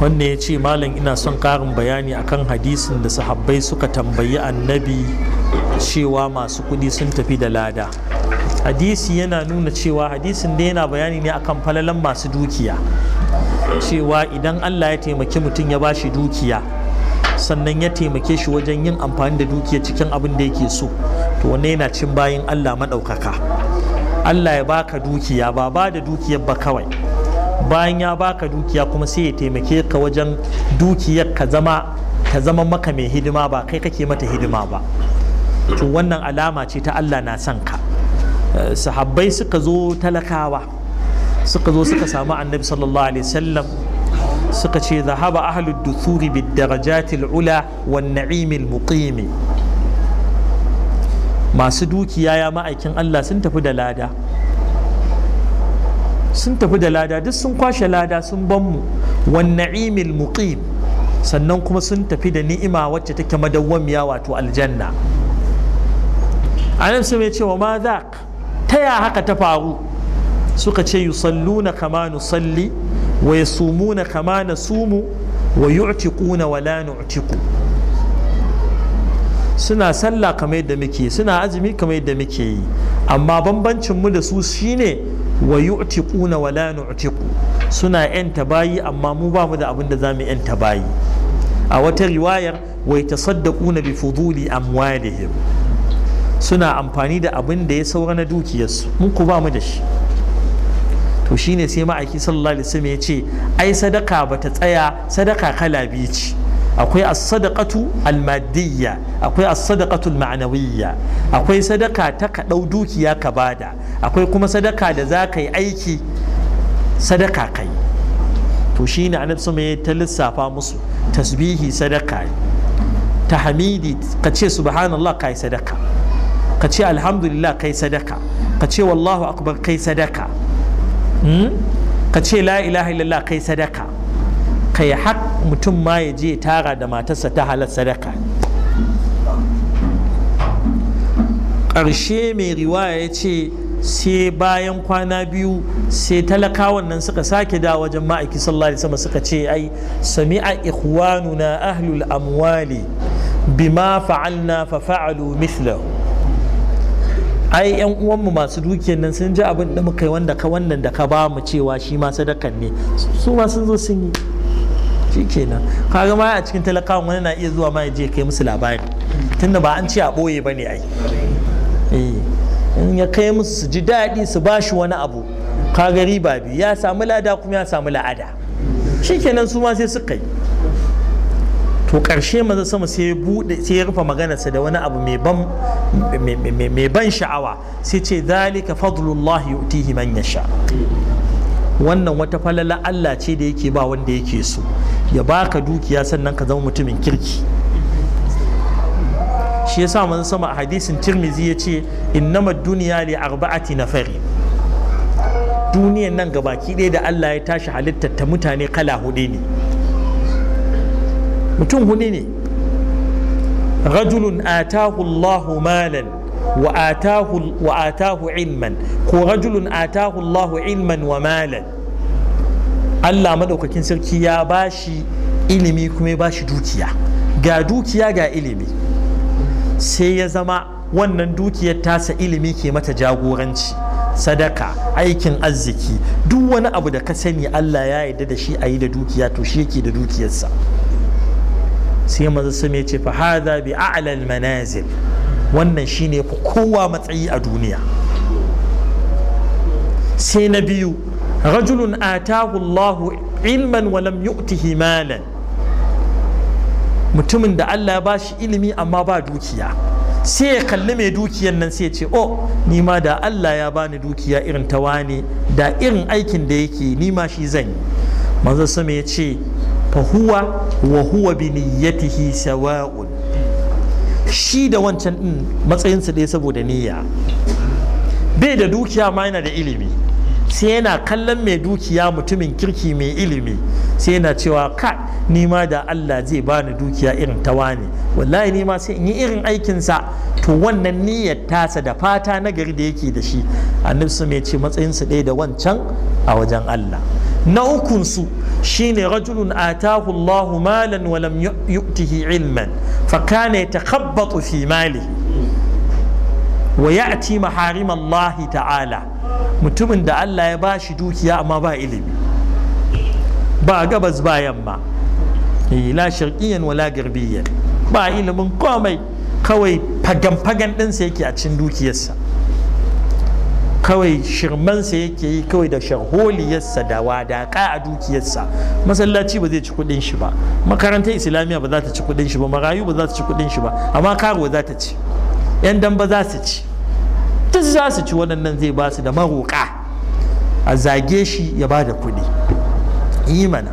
wanda ya ce malam ina son ƙarin bayani akan hadisin da sahabbai suka tambayi annabi cewa masu kuɗi sun tafi da lada hadisi yana nuna cewa hadisin da yana bayani ne akan falalan masu dukiya cewa idan allah ya taimaki mutum ya ba shi dukiya sannan ya taimake shi wajen yin amfani da dukiya cikin abin da yake so to wani yana cin bayin allah maɗaukaka allah ya baka dukiya ba ba da dukiyar ba kawai bayan ya baka dukiya kuma sai ya taimake ka wajen dukiyar ka zama ta zama maka mai hidima ba kai kake mata hidima ba to wannan alama ce ta Allah na son ka eh, sahabbai suka zo talakawa suka zo suka samu annabi sallallahu alaihi wasallam suka ce zahaba ahlud dusuri bid darajatil ula wan na'imil muqimi masu dukiya ya ma'aikin Allah sun tafi da lada sun tafi da lada duk sun kwashe lada sun ban mu wan na'imil muqim sannan kuma sun tafi da ni'ima wacce take madawwamiya wato aljanna anan sai ya ce wa ma zaq ta ya haka ta faru suka ce yusalluna kama nusalli wa yasumuna kama nasumu wa yu'tiquna wa la nu'tiqu suna sallah kamar yadda muke suna azumi kamar yadda muke yi amma bambancin mu da su shine wa yu'tiquna wa la nu'tiqu suna yanta bayi amma mu ba mu da abin da za mu yanta bayi a wata riwayar wa yatasaddaquna bi fuduli amwalihim suna amfani da abin da ya saura na dukiyarsu mu ku ba mu da shi to shine sai ma'aiki sallallahu alaihi wasallam ya ce ai sadaka bata tsaya sadaka kala biyu ce akwai as-sadaqatu al-madiyya akwai as-sadaqatu al-ma'nawiyya akwai sadaka ta ka dau dukiya ka bada akwai kuma sadaka da za ka yi aiki sadaka kai to shine annabi sama ya ta lissafa musu tasbihi sadaka tahmidi ka ce subhanallah kai sadaka ka ce alhamdulillah kai sadaka ka ce wallahu akbar kai sadaka hmm? ka ce la ilaha illallah kai sadaka kai haƙƙi mutum ma ya je tara da matarsa ta halar sadaka ƙarshe mai riwaya ya ce sai bayan kwana biyu sai talakawan nan suka sake da wajen ma'aiki sallallahu alaihi wasallam suka ce ai sami'a na ahlul amwali bima fa'alna fa fa'alu mithlahu ai yan uwanmu masu dukiyar nan sun ji abin da muka yi wanda ka wannan da ka ba mu cewa shi ma sadakan ne su ma sun zo sun yi kenan kaga ma a cikin talakawan wani na iya zuwa ma ya je kai musu labari tunda ba an ce a boye bane ai eh, in ya kai musu su ji daɗi su ba shi wani abu kaga riba biyu ya samu lada kuma ya samu la'ada shikenan su ma sai suka yi to ƙarshe maza sama sai bude sai ya rufe maganarsa da wani abu mai ban sha'awa sai ce zalika fadlullah yu'tihi man yasha wannan wata falala Allah ce da yake ba wanda yake so ya baka dukiya sannan ka zama mutumin kirki shi yasa manzon sama a hadisin tirmizi ya ce innama duniya li arba'ati nafari duniyan nan baki ɗaya da Allah ya tashi halittar ta mutane kala hudu ne mutum hudu ne rajulun atahu Allahu malan wa atahu ilman ko rajulun atahu Allahu ilman wa malan Allah maɗaukakin sarki ya bashi ilimi kuma ya shi dukiya ga dukiya ga ilimi sai ya zama wannan dukiyar tasa ilimi ke mata jagoranci sadaka aikin arziki duk wani abu da ka sani Allah ya yarda da shi a yi da dukiya to shi yake da dukiyarsa sai maza su ya ce fa hadha bi a'lal manazil wannan shine fa kowa matsayi a duniya sai na biyu rajulun atahu Allahu ilman walam lam yu'tihi malan mutumin da Allah ya bashi ilimi amma ba dukiya sai ya kalli mai dukiyan nan sai ya ce oh ni ma da Allah ya bani dukiya irin ta wane da irin aikin da yake ni ma shi zan yi manzo sama ya ce fa huwa wa huwa bi niyyatihi sawa'un shi da wancan din matsayinsa ɗaya saboda niyya bai da dukiya ma yana da ilimi sai yana kallon mai dukiya mutumin kirki mai ilimi sai yana cewa ka nima da Allah zai bani dukiya irin ta wani wallahi nima sai in yi irin aikinsa to wannan niyyar tasa da fata na gari da yake da shi annabi su mai ce matsayinsu ɗaya da wancan a wajen Allah na su shine rajulun atahu Allahu malan wa lam yu'tihi ilman fa kana yatakhabbatu fi malihi wa ya'ti maharim Allah ta'ala mutumin da Allah ya ba shi dukiya amma ba ilimi ba gabas ba yamma eh, la shirkiyan wala garbiyan ba ilimin komai kawai fagan-fagan ɗinsa yake a cikin dukiyarsa kawai shirmansa yake yi kawai da sharholiyarsa da wadaƙa a dukiyarsa masallaci ba zai ci kuɗin shi ba makarantar islamiyya ba za ta ci kuɗin shi ba marayu ba za ta ci kuɗin shi ba amma karo za ta ci 'yan dan ba za su ci duk za su ci nan zai ba su da maroƙa a zage shi ya ba da kuɗi yi mana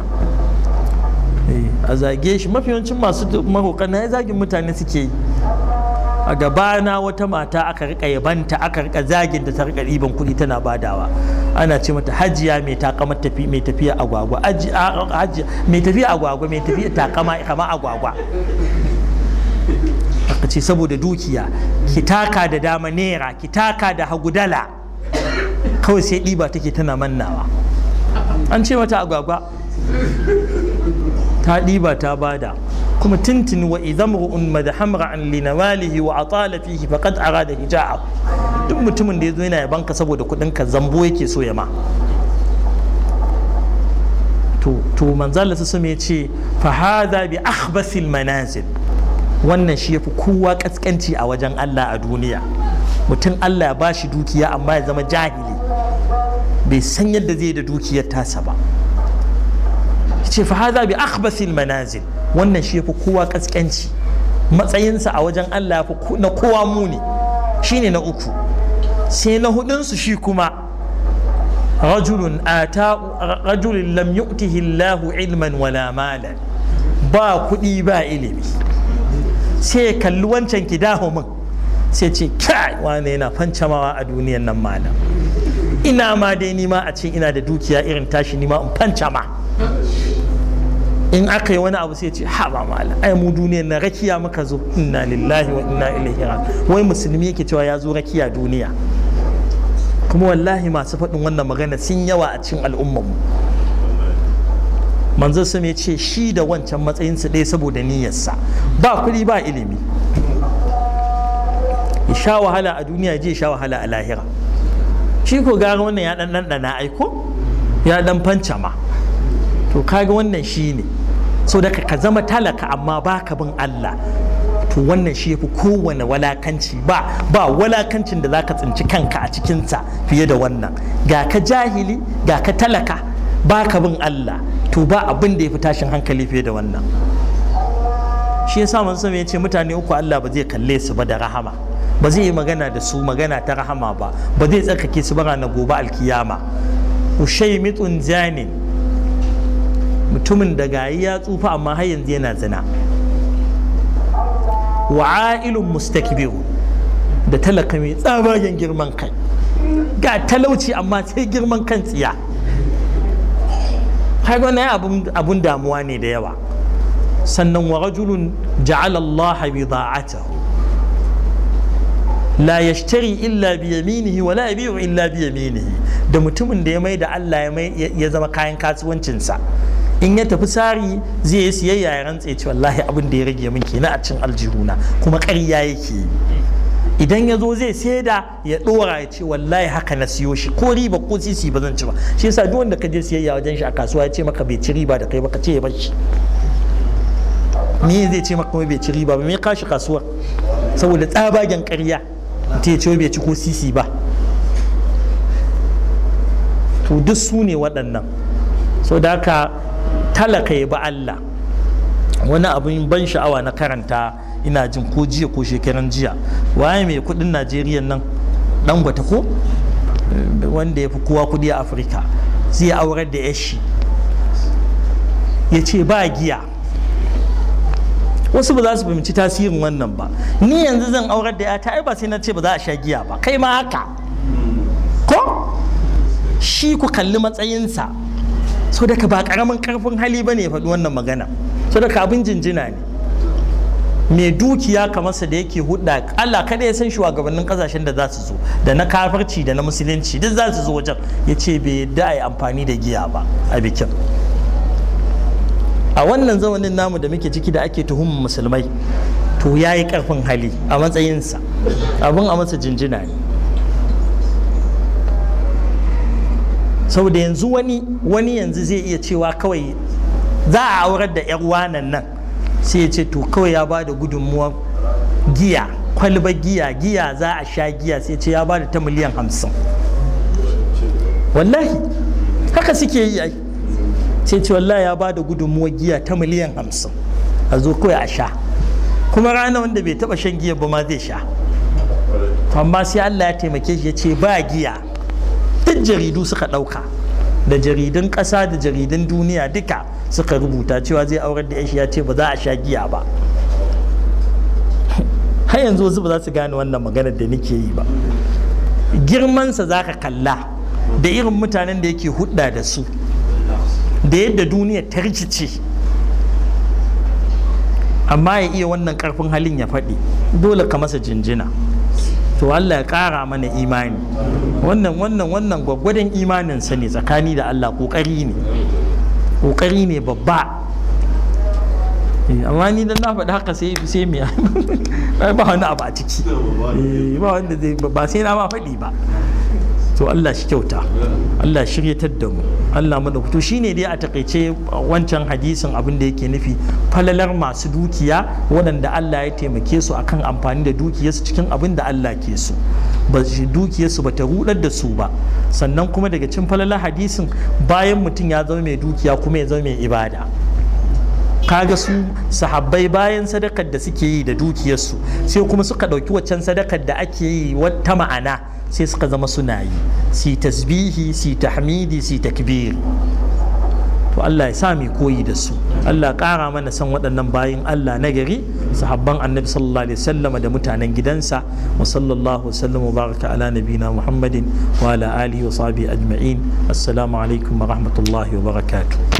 eh, a zage shi mafi yawancin masu maroka na ya zagin mutane suke yi a gabana wata mata aka rika yabanta aka rika zagin da ta rika ɗiban kuɗi tana badawa ana ce mata hajiya mai takama tafi mai tafiya agwagwa mai tafiya agwagwa mai tafiya takama kama agwagwa ka ce saboda dukiya ki taka da dama nera ki taka da hagu dala kawai sai ɗiba take tana mannawa an ce mata agwagwa ta ɗiba ta bada kuma tintin wa idan ru'un madahamra an linawalihi wa atala fihi faqad arada hija'a duk mutumin da ya zo yana ya banka saboda kuɗin ka zambo yake so ya ma to to manzo Allah ya ce fa hadha bi akhbasil manazil wannan shi yafi kowa kaskanci a wajen Allah a duniya mutum Allah ba shi dukiya amma ya zama jahili bai san yadda zai da dukiyar tasa ba ce fa haza bi akhbasil manazil wannan shi yafi kowa kaskanci matsayinsa a wajen Allah na kowa muni shine na uku sai na su shi kuma rajulun ata rajulun lam yu'tihi Allahu ilman wala malan ba kuɗi ba ilimi sai ya kalli wancan ki daho min sai ce kai wane yana fancamawa a duniyan nan malam ina ma dai nima a ce ina da dukiya irin tashi nima in fancama in aka yi wani abu sai ce ha ba malam ai mu duniyan na rakiya muka zo inna lillahi wa inna ilaihi raji'un wai musulmi yake cewa ya zo rakiya duniya kuma wallahi masu faɗin wannan magana sun yawa a cikin al'ummar mu manzon sun ya ce shi da wancan matsayin sa ɗaya saboda niyyarsa ba kuɗi ba ilimi ya sha wahala a duniya je sha wahala a lahira shi ko gara wannan ya ɗan ɗanɗana aiko ya ɗan fanca ma to kaga wannan shi ne so daga ka zama talaka amma ba ka bin Allah to wannan shi yafi kowane walakanci ba ba walakancin da zaka tsinci kanka a cikinsa fiye da wannan ga ka jahili ga ka talaka ba ka bin Allah to ba abin da ya fi tashin hankali fiye da wannan shi ya samun sami ya ce mutane uku Allah ba zai kalle su ba da rahama ba zai yi magana da su magana ta rahama ba ba zai tsarkake su ba ranar gobe alkiyama ushaimitun zanin mutumin da gayi ya tsufa amma har yanzu yana zina wa'ailun mustakbiru da talaka mai tsabagen girman kai ga talauci amma sai girman kan tsiya kaga ne abun damuwa ne da yawa sannan wa rajulun ja'ala Allah bida'atahu la yashtari illa bi yaminihi wa la yabi'u illa bi yaminihi da mutumin da ya mai da Allah ya mai ya zama kayan kasuwancinsa in ya tafi sari zai yi siyayya ya rantse ce wallahi abin da ya rage min kenan a cin aljihuna kuma ƙarya yake yi idan ya zo zai saida ya dora ya ce wallahi haka na siyo shi ko riba ko sisi ba zan ci ba shi yasa duk wanda ka je siyayya wajen shi a kasuwa ya ce maka bai ci riba da kai ba ka ce ya bar shi ni zai ce maka bai ci riba ba me ka shi kasuwar saboda tsabagen ƙarya ta ya ce bai ci ko sisi ba to duk su ne waɗannan so da haka talaka ya ba Allah wani abin ban sha'awa na karanta ina jin ko jiya ko shekaran jiya waye mai kudin najeriya nan dangwata ko wanda ya fi kowa kudi a afirka zai aurar da yashi ya ce ba giya wasu ba za su fahimci tasirin wannan ba ni yanzu zan aurar da yata ai ba sai na ce ba za a sha giya ba kai ma haka ko shi ku kalli matsayinsa so daga ba karamin karfin hali ba ne faɗi wannan magana so daga abin jinjina ne mai dukiya kamar sa da yake hudda Allah kada ya san shugabannin kasashen da za su zo da na kafirci da na musulunci duk za su zo wajen ya ce bai yadda a amfani da giya ba a bikin a wannan zamanin namu da muke ciki da ake tuhumar musulmai to ya yi karfin hali a matsayinsa abin a masa jinjina ne saboda yanzu wani wani yanzu zai iya cewa kawai za a aurar da 'yar wanan nan sai ya ce to kawai ya ba da gudunmuwa giya kwalba giya giya za a sha giya sai ce ya ba da ta miliyan hamsin wallahi haka suke yi ai sai ce wallahi ya ba da gudunmuwa giya ta miliyan hamsin a zo kawai a sha kuma rana wanda bai taba shan giya ba ma zai sha amma sai Allah ya taimake shi ya ce ba giya duk jaridu suka ɗauka da jaridun ƙasa da jaridun duniya duka suka rubuta cewa zai aurar da ya ce ba za a sha giya ba har yanzu wasu ba za su gane wannan magana da nake yi ba girmansa za ka kalla da irin mutanen da yake hudda da su da yadda duniya ta rikice amma ya iya wannan karfin halin ya faɗi dole ka masa jinjina to Allah ya ƙara mana imani wannan wannan wannan gwaggwadon imaninsa ne tsakani da Allah ƙoƙari ne ƙoƙari ne babba eh, amma ni dan na faɗi haka sai sai me ba wani abu a ciki eh, ba wanda ba sai na ma faɗi ba to Allah shi kyauta Allah shiryatar da mu Allah mana to shine dai a takaice wancan hadisin abin da yake nufi falalar masu dukiya waɗanda Allah ya taimake su akan amfani da dukiyarsu cikin abin da Allah ke so ba dukiyarsu ba ta rudar da su ba sannan kuma daga cikin falalar hadisin bayan mutum ya zama mai dukiya kuma ya zama mai ibada Ka ga su sahabbai bayan sadakar da suke yi da dukiyarsu sai kuma suka ɗauki waccan sadakar da ake yi wata ma'ana sai suka zama suna yi si tasbihi si tahmidi si takbiri to Allah ya sa mu koyi da su Allah kara mana san waɗannan bayin Allah na gari sahabban annabi sallallahu alaihi wasallam da mutanen gidansa wa sallallahu wasallam wa baraka ala nabina muhammadin wa ala alihi wa sahbihi ajma'in assalamu alaikum wa rahmatullahi wa barakatuh